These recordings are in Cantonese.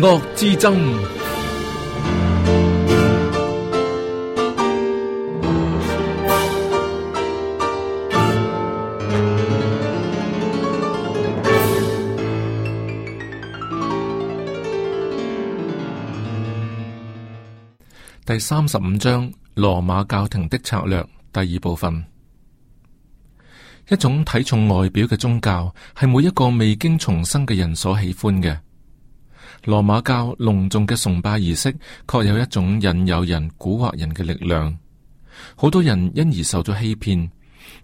惡之爭。第三十五章：羅馬教廷的策略。第二部分。一種睇重外表嘅宗教，係每一個未經重生嘅人所喜歡嘅。羅馬教隆重嘅崇拜儀式，確有一種引誘人、蠱惑人嘅力量。好多人因而受咗欺騙，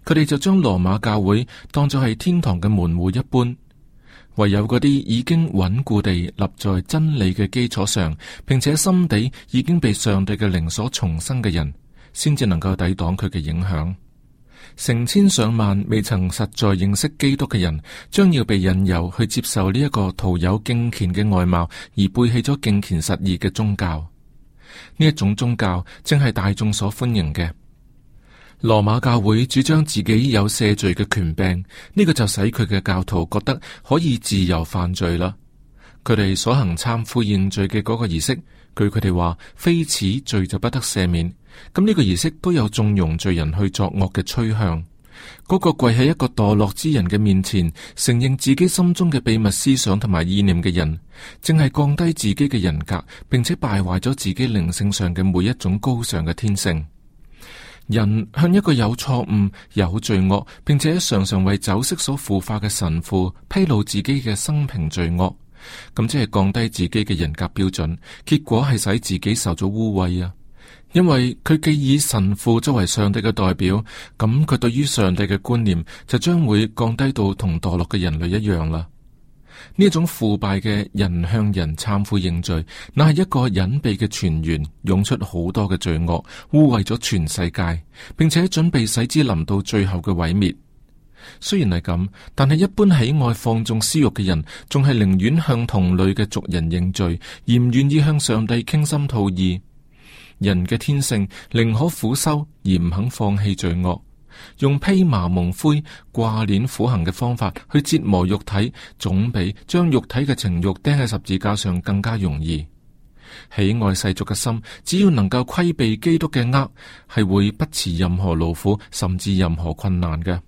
佢哋就將羅馬教會當作係天堂嘅門戶一般。唯有嗰啲已經穩固地立在真理嘅基礎上，並且心底已經被上帝嘅靈所重生嘅人，先至能夠抵擋佢嘅影響。成千上萬未曾實在認識基督嘅人，將要被引誘去接受呢一個徒有敬虔嘅外貌，而背棄咗敬虔實意嘅宗教。呢一種宗教正係大眾所歡迎嘅。羅馬教會主張自己有赦罪嘅權柄，呢、這個就使佢嘅教徒覺得可以自由犯罪啦。佢哋所行懺悔認罪嘅嗰個儀式，據佢哋話，非此罪就不得赦免。咁呢個儀式都有縱容罪人去作惡嘅趨向。嗰個跪喺一個墮落之人嘅面前，承認自己心中嘅秘密思想同埋意念嘅人，正係降低自己嘅人格，並且敗壞咗自己靈性上嘅每一種高尚嘅天性。人向一個有錯誤、有罪惡，並且常常為酒色所腐化嘅神父披露自己嘅生平罪惡，咁即係降低自己嘅人格標準，結果係使自己受咗污穢啊！因為佢既以神父作為上帝嘅代表，咁佢對於上帝嘅觀念就將會降低到同墮落嘅人類一樣啦。呢種腐敗嘅人向人懺悔認罪，乃係一個隱蔽嘅泉源，湧出好多嘅罪惡，污穢咗全世界，並且準備使之臨到最後嘅毀滅。雖然係咁，但係一般喜愛放縱私欲嘅人，仲係寧願向同類嘅族人認罪，而唔願意向上帝傾心吐意。人嘅天性寧可苦修而唔肯放棄罪惡，用披麻蒙灰、掛鏈苦行嘅方法去折磨肉體，總比將肉體嘅情欲釘喺十字架上更加容易。喜愛世俗嘅心，只要能夠規避基督嘅軛，係會不辭任何勞苦，甚至任何困難嘅。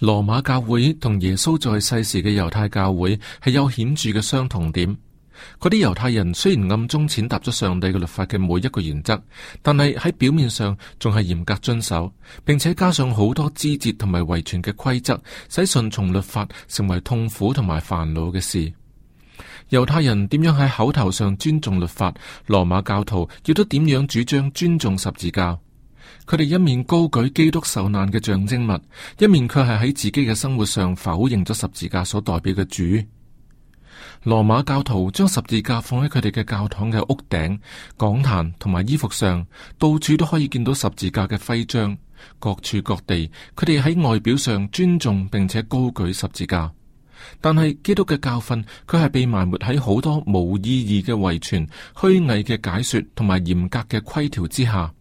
羅馬教會同耶穌在世時嘅猶太教會係有顯著嘅相同點。嗰啲猶太人雖然暗中踐踏咗上，上帝嘅律法嘅每一個原則，但係喺表面上仲係嚴格遵守，並且加上好多枝節同埋遺傳嘅規則，使順從律法成為痛苦同埋煩惱嘅事。猶太人點樣喺口頭上尊重律法，羅馬教徒亦都點樣主張尊重十字架。佢哋一面高舉基督受難嘅象徵物，一面卻係喺自己嘅生活上否認咗十字架所代表嘅主。羅馬教徒將十字架放喺佢哋嘅教堂嘅屋頂、講壇同埋衣服上，到處都可以見到十字架嘅徽章。各處各地，佢哋喺外表上尊重並且高舉十字架，但係基督嘅教訓佢係被埋沒喺好多冇意義嘅遺傳、虛偽嘅解說同埋嚴格嘅規條之下。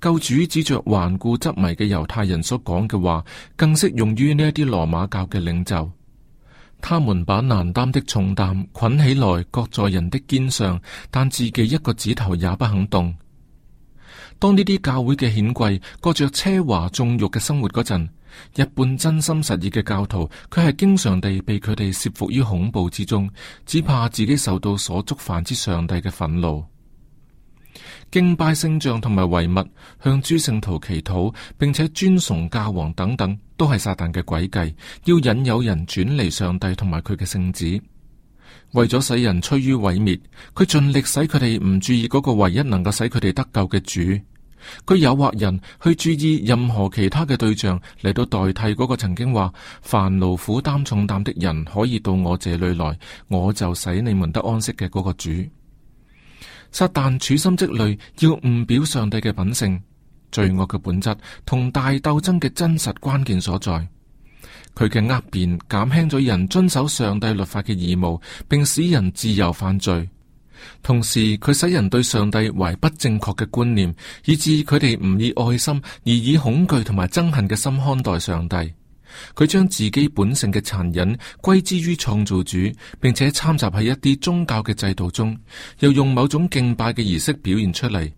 救主指着頑固執迷嘅猶太人所講嘅話，更適用於呢一啲羅馬教嘅領袖。他們把難擔的重擔綑起來，擱在人的肩上，但自己一個指頭也不肯動。當呢啲教會嘅顯貴過着奢華縱慾嘅生活嗰陣，一般真心實意嘅教徒，佢係經常地被佢哋懾服於恐怖之中，只怕自己受到所觸犯之上帝嘅憤怒。敬拜聖像同埋遺物，向諸聖徒祈禱，並且尊崇教皇等等，都係撒旦嘅詭計，要引誘人轉離上帝同埋佢嘅聖旨。為咗使人趨於毀滅，佢盡力使佢哋唔注意嗰個唯一能夠使佢哋得救嘅主，佢誘惑人去注意任何其他嘅對象嚟到代替嗰個曾經話，凡勞苦擔重擔的人可以到我這裏來，我就使你們得安息嘅嗰個主。撒旦處心積慮，要誤表上帝嘅品性、罪惡嘅本質同大鬥爭嘅真實關鍵所在。佢嘅詭辯減輕咗人遵守上帝律法嘅義務，並使人自由犯罪。同時，佢使人對上帝懷不正確嘅觀念，以致佢哋唔以愛心而以恐懼同埋憎恨嘅心看待上帝。佢將自己本性嘅殘忍歸之於創造主，並且參雜喺一啲宗教嘅制度中，又用某種敬拜嘅儀式表現出嚟，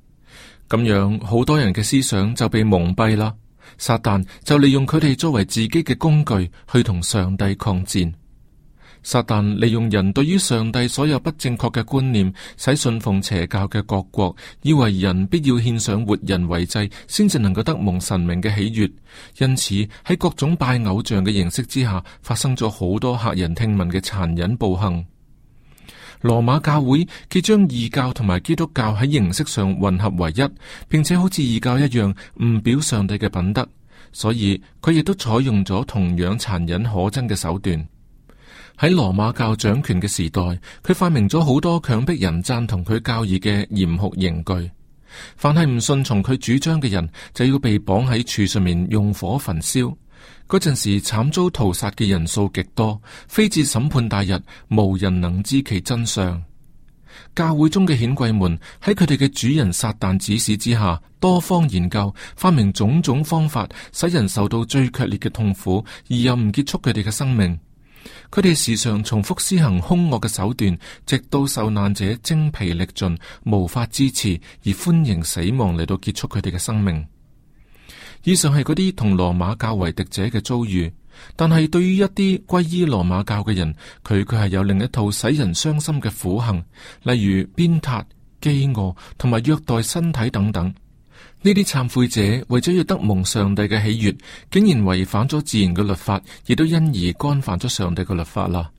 咁樣，好多人嘅思想就被蒙蔽啦。撒旦就利用佢哋作為自己嘅工具，去同上帝抗戰。撒旦利用人對於上帝所有不正確嘅觀念，使信奉邪教嘅各國以為人必要獻上活人為祭，先至能夠得蒙神明嘅喜悦。因此喺各種拜偶像嘅形式之下，發生咗好多駭人聽聞嘅殘忍暴行。羅馬教會佢將異教同埋基督教喺形式上混合為一，並且好似異教一樣唔表上帝嘅品德，所以佢亦都採用咗同樣殘忍可憎嘅手段。喺羅馬教掌權嘅時代，佢發明咗好多強迫人贊同佢教義嘅嚴酷刑具。凡係唔順從佢主張嘅人，就要被綁喺柱上面用火焚燒。嗰陣時慘遭屠殺嘅人數極多，非至審判大日，無人能知其真相。教會中嘅顯貴們喺佢哋嘅主人撒旦指使之下，多方研究發明種種方法，使人受到最劇烈嘅痛苦，而又唔結束佢哋嘅生命。佢哋時常重複施行凶惡嘅手段，直到受難者精疲力盡，無法支持而歡迎死亡嚟到結束佢哋嘅生命。以上係嗰啲同羅馬教為敵者嘅遭遇，但係對於一啲歸依羅馬教嘅人，佢卻係有另一套使人傷心嘅苦行，例如鞭撻、飢餓同埋虐待身體等等。呢啲懺悔者為咗要得蒙上帝嘅喜悅，竟然違反咗自然嘅律法，亦都因而干犯咗上帝嘅律法啦。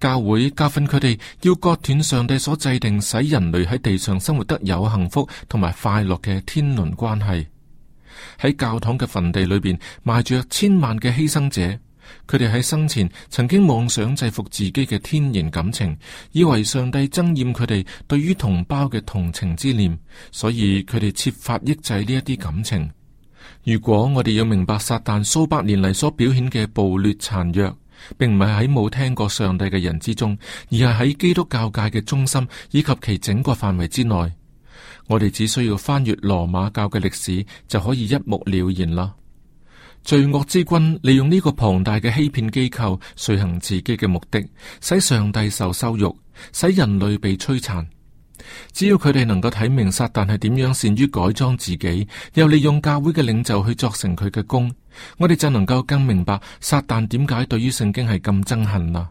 教會教訓佢哋要割斷上帝所制定使人類喺地上生活得有幸福同埋快樂嘅天倫關係，喺教堂嘅墳地裏邊埋着千萬嘅犧牲者。佢哋喺生前曾經妄想制服自己嘅天然感情，以為上帝憎厭佢哋對於同胞嘅同情之念，所以佢哋設法抑制呢一啲感情。如果我哋要明白撒旦數百年嚟所表現嘅暴虐殘弱，並唔係喺冇聽過上帝嘅人之中，而係喺基督教界嘅中心以及其整個範圍之內，我哋只需要翻閱羅馬教嘅歷史就可以一目了然啦。罪惡之君利用呢個龐大嘅欺騙機構，遂行自己嘅目的，使上帝受羞辱，使人類被摧殘。只要佢哋能夠睇明撒旦係點樣善於改裝自己，又利用教會嘅領袖去作成佢嘅功，我哋就能夠更明白撒旦點解對於聖經係咁憎恨啦。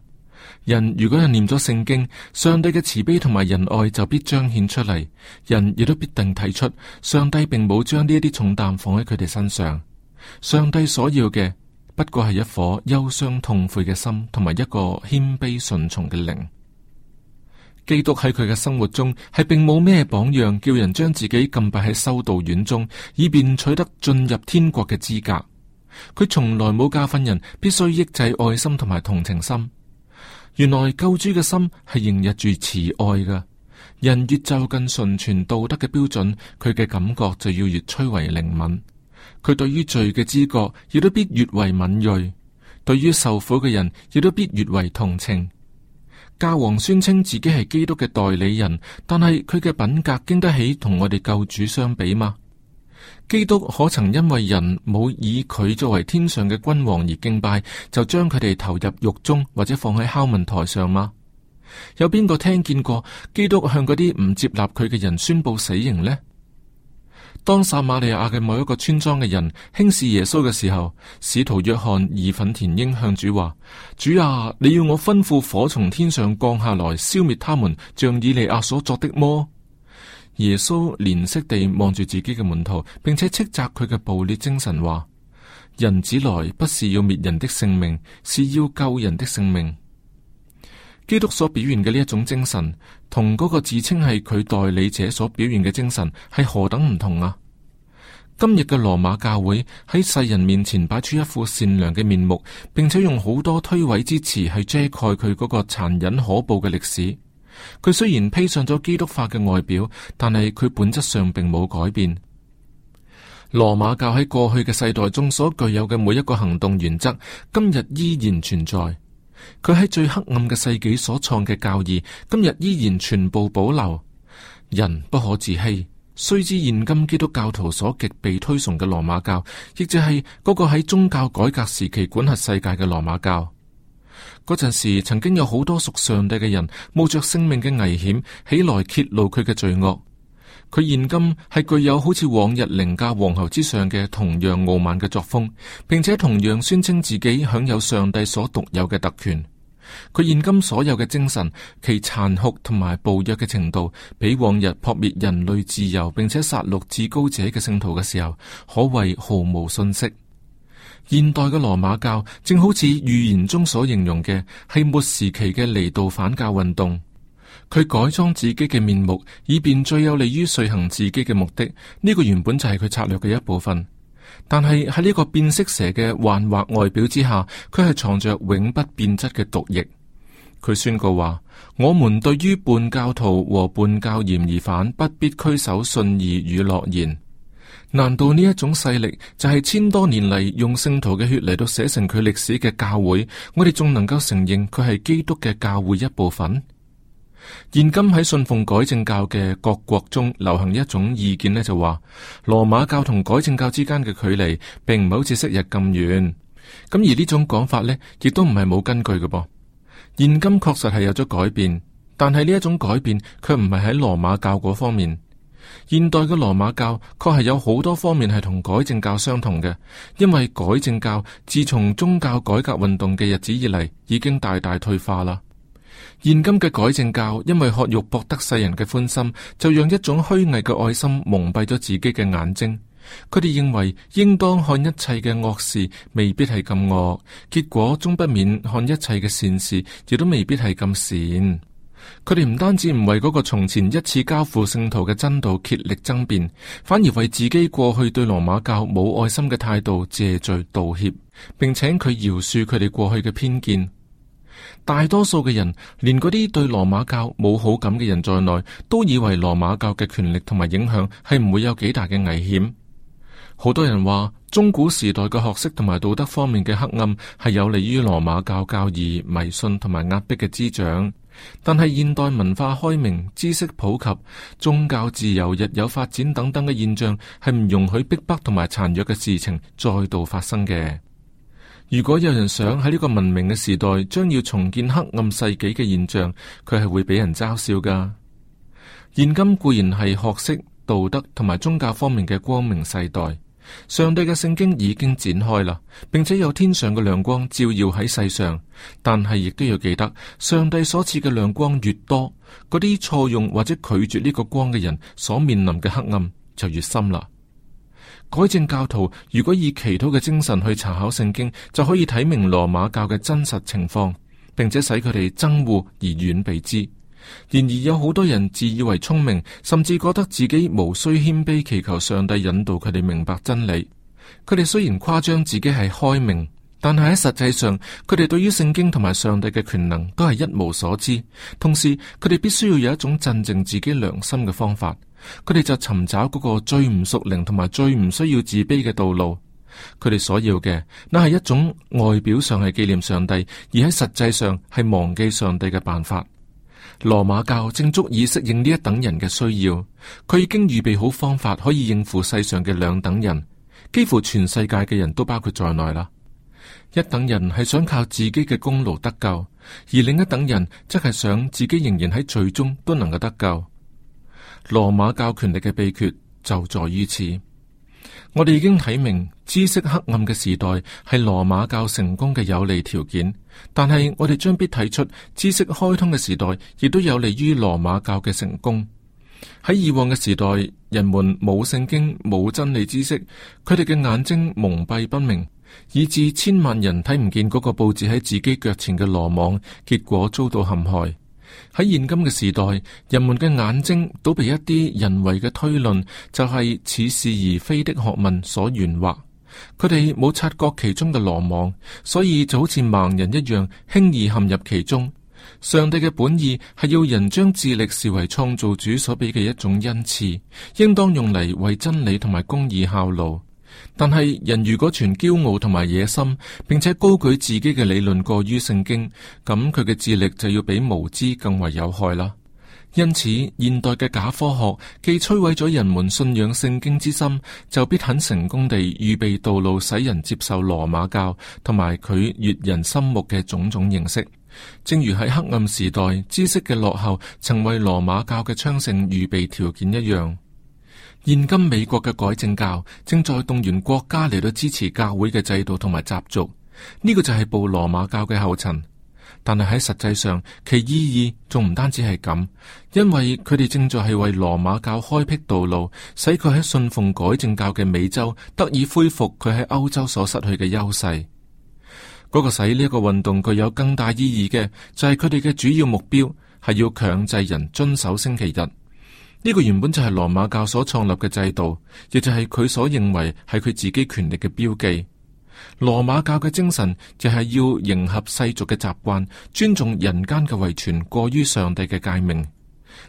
人如果係念咗聖經，上帝嘅慈悲同埋仁愛就必彰顯出嚟，人亦都必定睇出上帝並冇將呢啲重擔放喺佢哋身上。上帝所要嘅不過係一顆憂傷痛悔嘅心，同埋一個謙卑順從嘅靈。基督喺佢嘅生活中係並冇咩榜樣，叫人將自己禁閉喺修道院中，以便取得進入天國嘅資格。佢從來冇教訓人必須抑制愛心同埋同情心。原來救主嘅心係融日住慈愛噶。人越就近純全道德嘅標準，佢嘅感覺就要越趨為靈敏。佢對於罪嘅知覺，亦都必越為敏銳；對於受苦嘅人，亦都必越為同情。教皇宣稱自己係基督嘅代理人，但係佢嘅品格經得起同我哋救主相比嗎？基督可曾因為人冇以佢作為天上嘅君王而敬拜，就將佢哋投入獄中或者放喺拷問台上嗎？有邊個聽見過基督向嗰啲唔接納佢嘅人宣布死刑呢？當撒瑪利亞嘅某一個村莊嘅人輕視耶穌嘅時候，使徒約翰義憤填膺向主話：主啊，你要我吩咐火從天上降下來消滅他們，像以利阿以利亞所作的麼？耶穌憐惜地望住自己嘅門徒，並且斥責佢嘅暴烈精神，話：人子來不是要滅人的性命，是要救人的性命。基督所表現嘅呢一種精神，同嗰個自稱係佢代理者所表現嘅精神，係何等唔同啊！今日嘅羅馬教會喺世人面前擺出一副善良嘅面目，並且用好多推諉之詞去遮蓋佢嗰個殘忍可怖嘅歷史。佢雖然披上咗基督化嘅外表，但係佢本質上並冇改變。羅馬教喺過去嘅世代中所具有嘅每一個行動原則，今日依然存在。佢喺最黑暗嘅世紀所創嘅教義，今日依然全部保留。人不可自欺，雖知現今基督教徒所極被推崇嘅羅馬教，亦就係嗰個喺宗教改革時期管轄世界嘅羅馬教。嗰陣時曾經有好多屬上帝嘅人，冒着生命嘅危險，起來揭露佢嘅罪惡。佢現今係具有好似往日凌駕皇后之上嘅同樣傲慢嘅作風，並且同樣宣稱自己享有上帝所獨有嘅特權。佢現今所有嘅精神，其殘酷同埋暴虐嘅程度，比往日破滅人類自由並且殺戮至高者嘅聖徒嘅時候，可謂毫無遜色。現代嘅羅馬教正好似預言中所形容嘅，係末時期嘅離道反教運動。佢改裝自己嘅面目，以便最有利於遂行自己嘅目的。呢、這個原本就係佢策略嘅一部分。但係喺呢個變色蛇嘅幻惑外表之下，佢係藏着永不變質嘅毒液。佢宣告話：我們對於叛教徒和叛教嫌疑犯不必拘守信義與諾言。難道呢一種勢力就係千多年嚟用聖徒嘅血嚟到寫成佢歷史嘅教會？我哋仲能夠承認佢係基督嘅教會一部分？現今喺信奉改正教嘅各國中，流行一種意見呢，就話羅馬教同改正教之間嘅距離，並唔係好似昔日咁遠。咁而呢種講法呢，亦都唔係冇根據嘅噃。現今確實係有咗改變，但係呢一種改變，佢唔係喺羅馬教嗰方面。現代嘅羅馬教，確係有好多方面係同改正教相同嘅，因為改正教自從宗教改革運動嘅日子以嚟，已經大大退化啦。現今嘅改正教，因為渴欲博得世人嘅歡心，就讓一種虛偽嘅愛心蒙蔽咗自己嘅眼睛。佢哋認為，應當看一切嘅惡事未必係咁惡，結果終不免看一切嘅善事亦都未必係咁善。佢哋唔單止唔為嗰個從前一次交付聖徒嘅真道竭力爭辯，反而為自己過去對羅馬教冇愛心嘅態度謝罪道歉，並請佢饒恕佢哋過去嘅偏見。大多數嘅人，連嗰啲對羅馬教冇好感嘅人在內，都以為羅馬教嘅權力同埋影響係唔會有幾大嘅危險。好多人話中古時代嘅學識同埋道德方面嘅黑暗係有利於羅馬教教義，迷信同埋壓迫嘅滋長。但係現代文化開明、知識普及、宗教自由、日有發展等等嘅現象，係唔容許逼迫同埋殘弱嘅事情再度發生嘅。如果有人想喺呢個文明嘅時代，將要重建黑暗世紀嘅現象，佢係會俾人嘲笑㗎。現今固然係學識、道德同埋宗教方面嘅光明世代，上帝嘅聖經已經展開啦，並且有天上嘅亮光照耀喺世上。但係亦都要記得，上帝所賜嘅亮光越多，嗰啲錯用或者拒絕呢個光嘅人，所面臨嘅黑暗就越深啦。改正教徒如果以祈禱嘅精神去查考聖經，就可以睇明羅馬教嘅真實情況，並且使佢哋憎惡而遠避之。然而有好多人自以為聰明，甚至覺得自己無需謙卑祈求上帝引導佢哋明白真理。佢哋雖然誇張自己係開明，但係喺實際上，佢哋對於聖經同埋上帝嘅權能都係一無所知。同時，佢哋必須要有一種鎮靜自己良心嘅方法。佢哋就尋找嗰個最唔屬靈同埋最唔需要自卑嘅道路。佢哋所要嘅，那係一種外表上係紀念上帝，而喺實際上係忘記上帝嘅辦法。羅馬教正足以適應呢一等人嘅需要。佢已經預備好方法可以應付世上嘅兩等人，幾乎全世界嘅人都包括在內啦。一等人係想靠自己嘅功勞得救，而另一等人則係想自己仍然喺罪中都能夠得救。羅馬教權力嘅秘訣就在於此。我哋已經睇明知識黑暗嘅時代係羅馬教成功嘅有利條件，但係我哋將必睇出知識開通嘅時代亦都有利於羅馬教嘅成功。喺以往嘅時代，人們冇聖經冇真理知識，佢哋嘅眼睛蒙蔽不明，以至千萬人睇唔見嗰個布置喺自己腳前嘅羅網，結果遭到陷害。喺現今嘅時代，人們嘅眼睛都被一啲人為嘅推論，就係、是、似是而非的學問所圓滑，佢哋冇察覺其中嘅羅網，所以就好似盲人一樣，輕易陷入其中。上帝嘅本意係要人將智力視為創造主所俾嘅一種恩賜，應當用嚟為真理同埋公義效勞。但係人如果存驕傲同埋野心，並且高舉自己嘅理論過於聖經，咁佢嘅智力就要比無知更為有害啦。因此，現代嘅假科學既摧毀咗人們信仰聖經之心，就必肯成功地預備道路，使人接受羅馬教同埋佢悅人心目嘅種種形式。正如喺黑暗時代，知識嘅落後曾為羅馬教嘅昌盛預備條件一樣。現今美國嘅改正教正在動員國家嚟到支持教會嘅制度同埋習俗，呢個就係步羅馬教嘅後塵。但係喺實際上，其意義仲唔單止係咁，因為佢哋正在係為羅馬教開闢道路，使佢喺信奉改正教嘅美洲得以恢復佢喺歐洲所失去嘅優勢。嗰個使呢一個運動具有更大意義嘅，就係佢哋嘅主要目標係要強制人遵守星期日。呢個原本就係羅馬教所創立嘅制度，亦就係佢所認為係佢自己權力嘅標記。羅馬教嘅精神就係要迎合世俗嘅習慣，尊重人間嘅遺傳，過於上帝嘅誡命。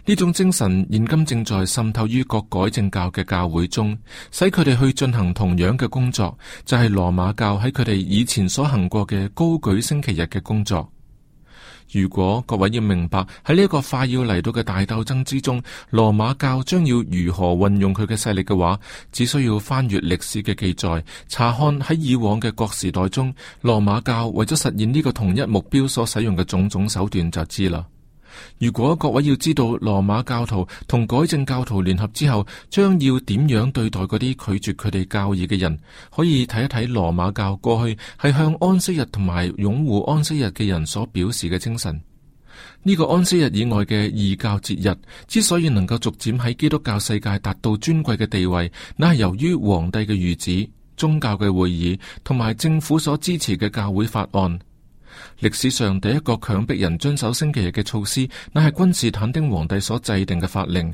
呢種精神現今正在滲透於各改正教嘅教會中，使佢哋去進行同樣嘅工作，就係、是、羅馬教喺佢哋以前所行過嘅高舉星期日嘅工作。如果各位要明白喺呢一個快要嚟到嘅大鬥爭之中，羅馬教將要如何運用佢嘅勢力嘅話，只需要翻閱歷史嘅記載，查看喺以往嘅各時代中，羅馬教為咗實現呢個同一目標所使用嘅種種手段就知啦。如果各位要知道羅馬教徒同改正教徒聯合之後，將要點樣對待嗰啲拒絕佢哋教義嘅人，可以睇一睇羅馬教過去係向安息日同埋擁護安息日嘅人所表示嘅精神。呢個安息日以外嘅異教節日之所以能夠逐漸喺基督教世界達到尊貴嘅地位，乃係由於皇帝嘅御旨、宗教嘅會議同埋政府所支持嘅教會法案。歷史上第一個強迫人遵守星期日嘅措施，乃係君士坦丁皇帝所制定嘅法令。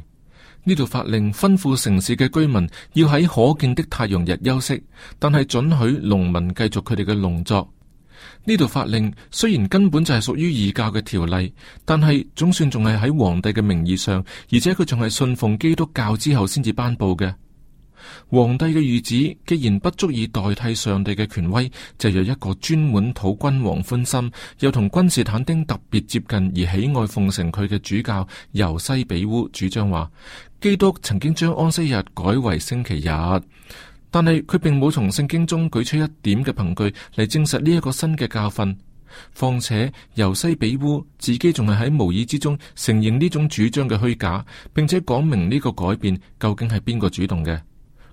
呢條法令吩咐城市嘅居民要喺可敬的太陽日休息，但係准許農民繼續佢哋嘅農作。呢條法令雖然根本就係屬於異教嘅條例，但係總算仲係喺皇帝嘅名義上，而且佢仲係信奉基督教之後先至頒布嘅。皇帝嘅御旨既然不足以代替上帝嘅權威，就有一個專門討君王歡心，又同君士坦丁特別接近而喜愛奉承佢嘅主教尤西比烏主張話，基督曾經將安息日改為星期日，但係佢並冇從聖經中舉出一點嘅憑據嚟證實呢一個新嘅教訓。況且尤西比烏自己仲係喺無意之中承認呢種主張嘅虛假，並且講明呢個改變究竟係邊個主動嘅。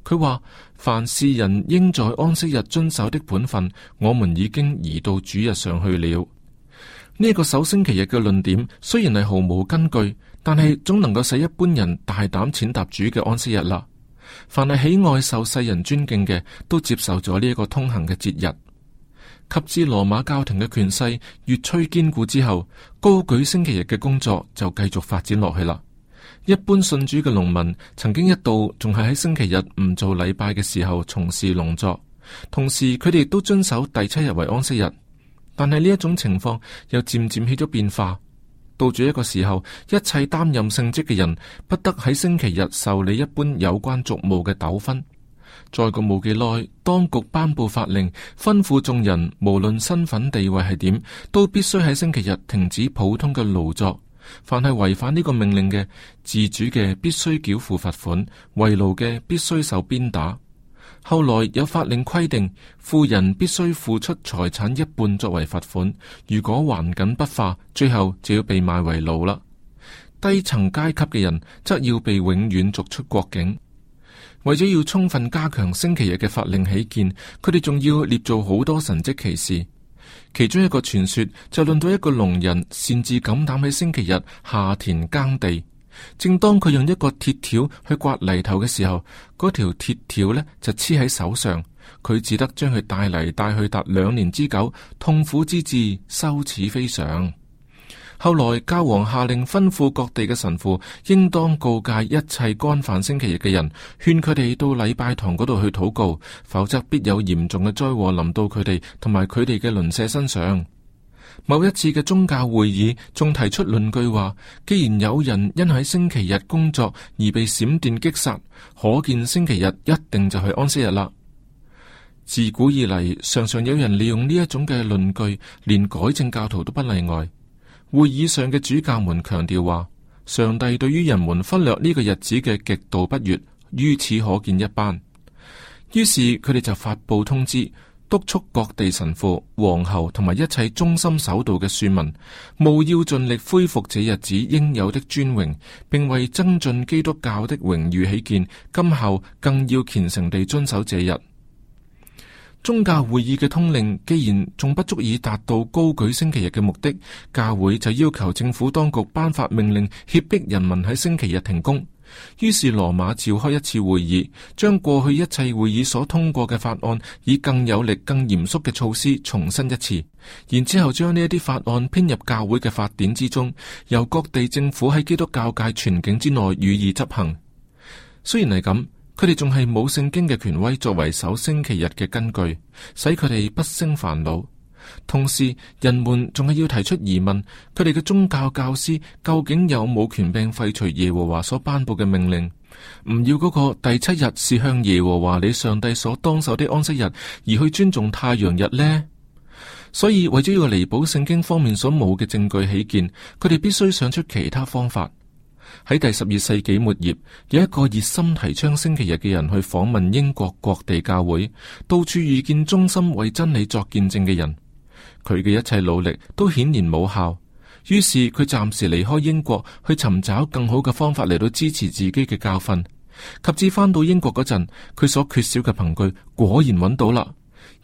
佢話：凡事人應在安息日遵守的本分，我們已經移到主日上去了。呢一個首星期日嘅論點雖然係毫無根據，但係總能夠使一般人大膽踐踏主嘅安息日啦。凡係喜愛受世人尊敬嘅，都接受咗呢一個通行嘅節日。及至羅馬教廷嘅權勢越趨堅固之後，高舉星期日嘅工作就繼續發展落去啦。一般信主嘅農民，曾經一度仲係喺星期日唔做禮拜嘅時候從事農作，同時佢哋都遵守第七日為安息日。但係呢一種情況又漸漸起咗變化，到咗一個時候，一切擔任聖職嘅人不得喺星期日受理一般有關俗務嘅糾紛。再過冇幾耐，當局頒布法令，吩咐眾人無論身份地位係點，都必須喺星期日停止普通嘅勞作。凡係違反呢個命令嘅，自主嘅必須繳付罰款；為奴嘅必須受鞭打。後來有法令規定，富人必須付出財產一半作為罰款，如果還緊不化，最後就要被賣為奴啦。低層階級嘅人則要被永遠逐出國境。為咗要充分加強星期日嘅法令起見，佢哋仲要捏造好多神蹟奇事。其中一個傳說就論到一個農人，擅自敢膽喺星期日下田耕地。正當佢用一個鐵條去刮泥頭嘅時候，嗰條鐵條呢就黐喺手上，佢只得將佢帶嚟帶去達兩年之久，痛苦之至，羞恥非常。後來教皇下令，吩咐各地嘅神父，應當告誡一切干犯星期日嘅人，勸佢哋到禮拜堂嗰度去禱告，否則必有嚴重嘅災禍臨到佢哋同埋佢哋嘅鄰舍身上。某一次嘅宗教會議仲提出論據，話既然有人因喺星期日工作而被閃電擊殺，可見星期日一定就係安息日啦。自古以嚟，常常有人利用呢一種嘅論據，連改正教徒都不例外。會議上嘅主教們強調話，上帝對於人們忽略呢個日子嘅極度不悅，於此可見一斑。於是佢哋就發佈通知，督促各地神父、皇后同埋一切忠心守道嘅庶民，務要盡力恢復這日子應有的尊榮，並為增進基督教的榮譽起見，今後更要虔誠地遵守這日。宗教會議嘅通令，既然仲不足以達到高舉星期日嘅目的，教會就要求政府當局頒發命令，脅迫人民喺星期日停工。於是羅馬召開一次會議，將過去一切會議所通過嘅法案，以更有力、更嚴肅嘅措施重申一次，然之後將呢一啲法案編入教會嘅法典之中，由各地政府喺基督教界全境之內予以執行。雖然係咁。佢哋仲係冇聖經嘅權威作為首星期日嘅根據，使佢哋不勝煩惱。同時，人們仲係要提出疑問：佢哋嘅宗教教師究竟有冇權柄廢除耶和華所頒佈嘅命令？唔要嗰個第七日是向耶和華你上帝所當守的安息日，而去尊重太陽日呢？所以，為咗要彌補聖經方面所冇嘅證據起見，佢哋必須想出其他方法。喺第十二世紀末葉，有一個熱心提倡星期日嘅人去訪問英國各地教會，到處遇見忠心為真理作見證嘅人。佢嘅一切努力都顯然冇效，於是佢暫時離開英國去尋找更好嘅方法嚟到支持自己嘅教訓。及至翻到英國嗰陣，佢所缺少嘅憑據果然揾到啦，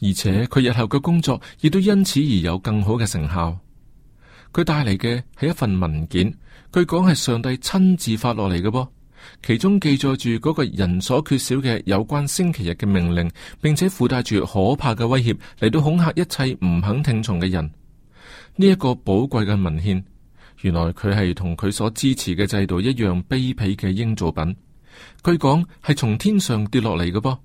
而且佢日後嘅工作亦都因此而有更好嘅成效。佢帶嚟嘅係一份文件，據講係上帝親自發落嚟嘅噃，其中記載住嗰個人所缺少嘅有關星期日嘅命令，並且附帶住可怕嘅威脅嚟到恐嚇一切唔肯聽從嘅人。呢一個寶貴嘅文獻，原來佢係同佢所支持嘅制度一樣卑鄙嘅英造品。據講係從天上跌落嚟嘅噃，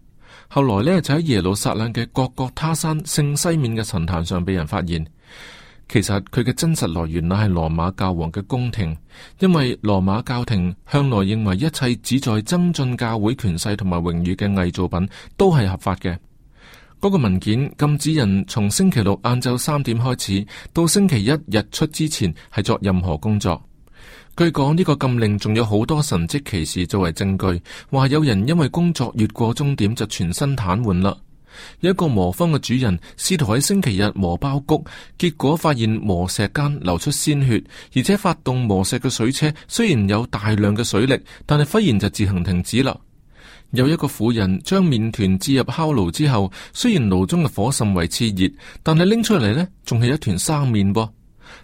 後來呢，就喺耶路撒冷嘅各國他山聖西面嘅神壇上被人發現。其實佢嘅真實來源乃係羅馬教皇嘅宮廷，因為羅馬教廷向來認為一切旨在增進教會權勢同埋榮譽嘅偽造品都係合法嘅。嗰個文件禁止人從星期六晏晝三點開始到星期一日出之前係作任何工作。據講呢個禁令仲有好多神蹟奇事作為證據，話有人因為工作越過終點就全身癱瘓啦。有一個磨坊嘅主人試圖喺星期日磨苞穀，結果發現磨石間流出鮮血，而且發動磨石嘅水車雖然有大量嘅水力，但係忽然就自行停止啦。有一個婦人將麵團置入烤爐之後，雖然爐中嘅火甚為熾熱，但係拎出嚟呢，仲係一團生麵噃。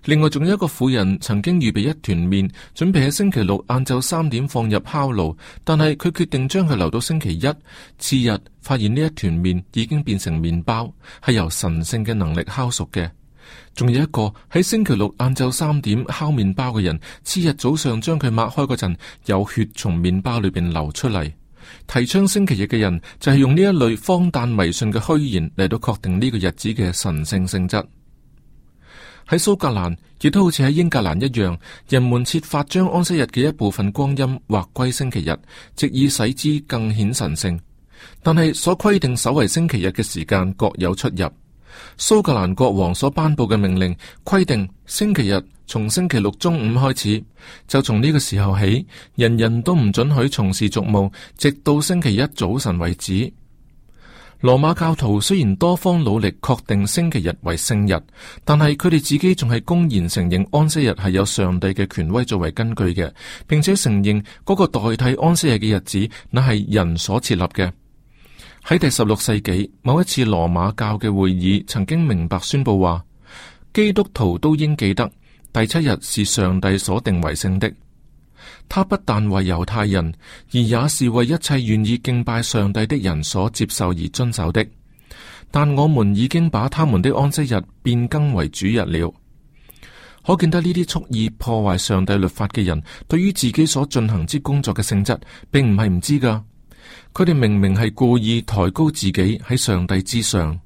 另外，仲有一個婦人曾經預備一團麵，準備喺星期六晏晝三點放入烤爐，但係佢決定將佢留到星期一。次日發現呢一團麵已經變成麵包，係由神聖嘅能力烤熟嘅。仲有一個喺星期六晏晝三點烤麵包嘅人，次日早上將佢抹開嗰陣，有血從麵包裏邊流出嚟。提倡星期日嘅人就係、是、用呢一類荒誕迷信嘅虛言嚟到確定呢個日子嘅神聖性質。喺蘇格蘭亦都好似喺英格蘭一樣，人們設法將安息日嘅一部分光陰劃歸星期日，藉以使之更顯神聖。但係所規定守為星期日嘅時間各有出入。蘇格蘭國王所頒布嘅命令規定，星期日從星期六中午開始，就從呢個時候起，人人都唔准許從事俗務，直到星期一早晨為止。羅馬教徒雖然多方努力確定星期日為聖日，但係佢哋自己仲係公然承認安息日係有上帝嘅權威作為根據嘅，並且承認嗰個代替安息日嘅日子，那係人所設立嘅。喺第十六世紀，某一次羅馬教嘅會議曾經明白宣布話，基督徒都應記得第七日是上帝所定為聖的。他不但為猶太人，而也是為一切願意敬拜上帝的人所接受而遵守的。但我們已經把他們的安息日變更為主日了。可見得呢啲蓄意破壞上帝律法嘅人，對於自己所進行之工作嘅性質並不不，並唔係唔知㗎。佢哋明明係故意抬高自己喺上帝之上。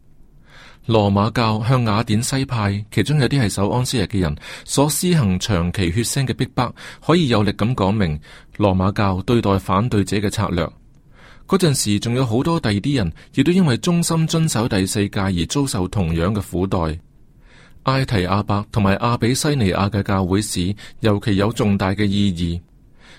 羅馬教向雅典西派，其中有啲係守安息日嘅人所施行長期血腥嘅逼迫，迫，可以有力咁講明羅馬教對待反對者嘅策略。嗰陣時仲有好多第二啲人，亦都因為忠心遵守第四誡而遭受同樣嘅苦待。埃提亞伯同埋阿比西尼亞嘅教會史，尤其有重大嘅意義。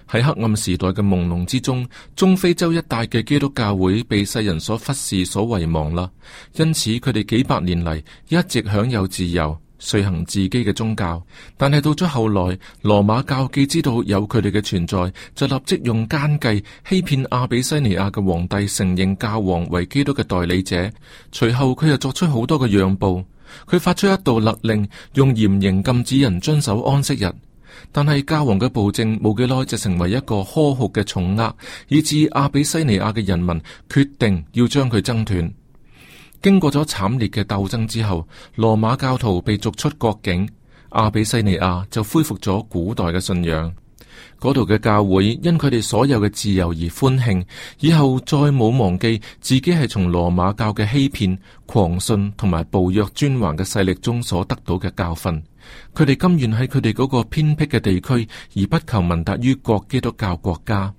喺黑暗時代嘅朦朧之中，中非洲一帶嘅基督教會被世人所忽視、所遺忘啦。因此，佢哋幾百年嚟一直享有自由，遂行自己嘅宗教。但係到咗後來，羅馬教既知道有佢哋嘅存在，就立即用奸計欺騙阿比西尼亞嘅皇帝承認教皇為基督嘅代理者。隨後佢又作出好多嘅讓步，佢發出一道勒令，用嚴刑禁止人遵守安息日。但係，教皇嘅暴政冇幾耐就成為一個苛酷嘅重壓，以至阿比西尼亞嘅人民決定要將佢掙斷。經過咗慘烈嘅鬥爭之後，羅馬教徒被逐出國境，阿比西尼亞就恢復咗古代嘅信仰。嗰度嘅教會因佢哋所有嘅自由而歡慶，以後再冇忘記自己係從羅馬教嘅欺騙、狂信同埋暴虐專橫嘅勢力中所得到嘅教訓。佢哋甘願喺佢哋嗰個偏僻嘅地區，而不求聞達於各基督教國家。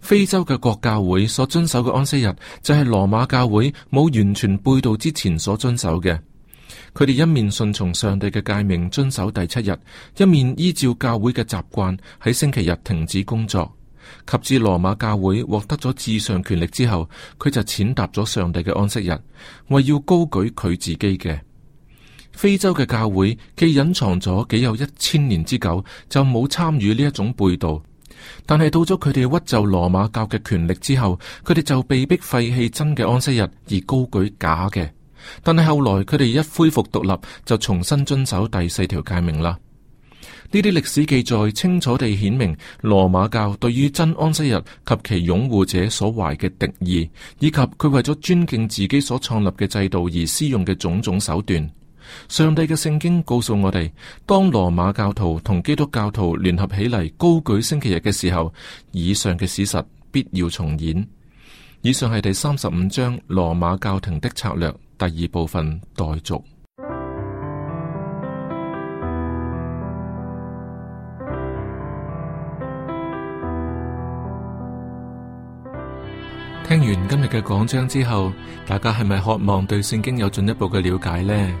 非洲嘅國教會所遵守嘅安息日，就係羅馬教會冇完全背道之前所遵守嘅。佢哋一面順從上帝嘅誡命遵守第七日，一面依照教會嘅習慣喺星期日停止工作。及至羅馬教會獲得咗至上權力之後，佢就踐踏咗上帝嘅安息日，為要高舉佢自己嘅。非洲嘅教會既隱藏咗，幾有一千年之久，就冇參與呢一種背道。但係到咗佢哋屈就羅馬教嘅權力之後，佢哋就被逼廢棄真嘅安息日而高舉假嘅。但係後來佢哋一恢復獨立，就重新遵守第四條誡命啦。呢啲歷史記載清楚地顯明羅馬教對於真安息日及其擁護者所懷嘅敵意，以及佢為咗尊敬自己所創立嘅制度而施用嘅種種手段。上帝嘅聖經告訴我哋，當羅馬教徒同基督教徒聯合起嚟，高舉星期日嘅時候，以上嘅事實必要重演。以上係第三十五章羅馬教廷的策略第二部分待續。聽完今日嘅講章之後，大家係咪渴望對聖經有進一步嘅了解呢？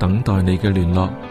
等待你嘅聯絡。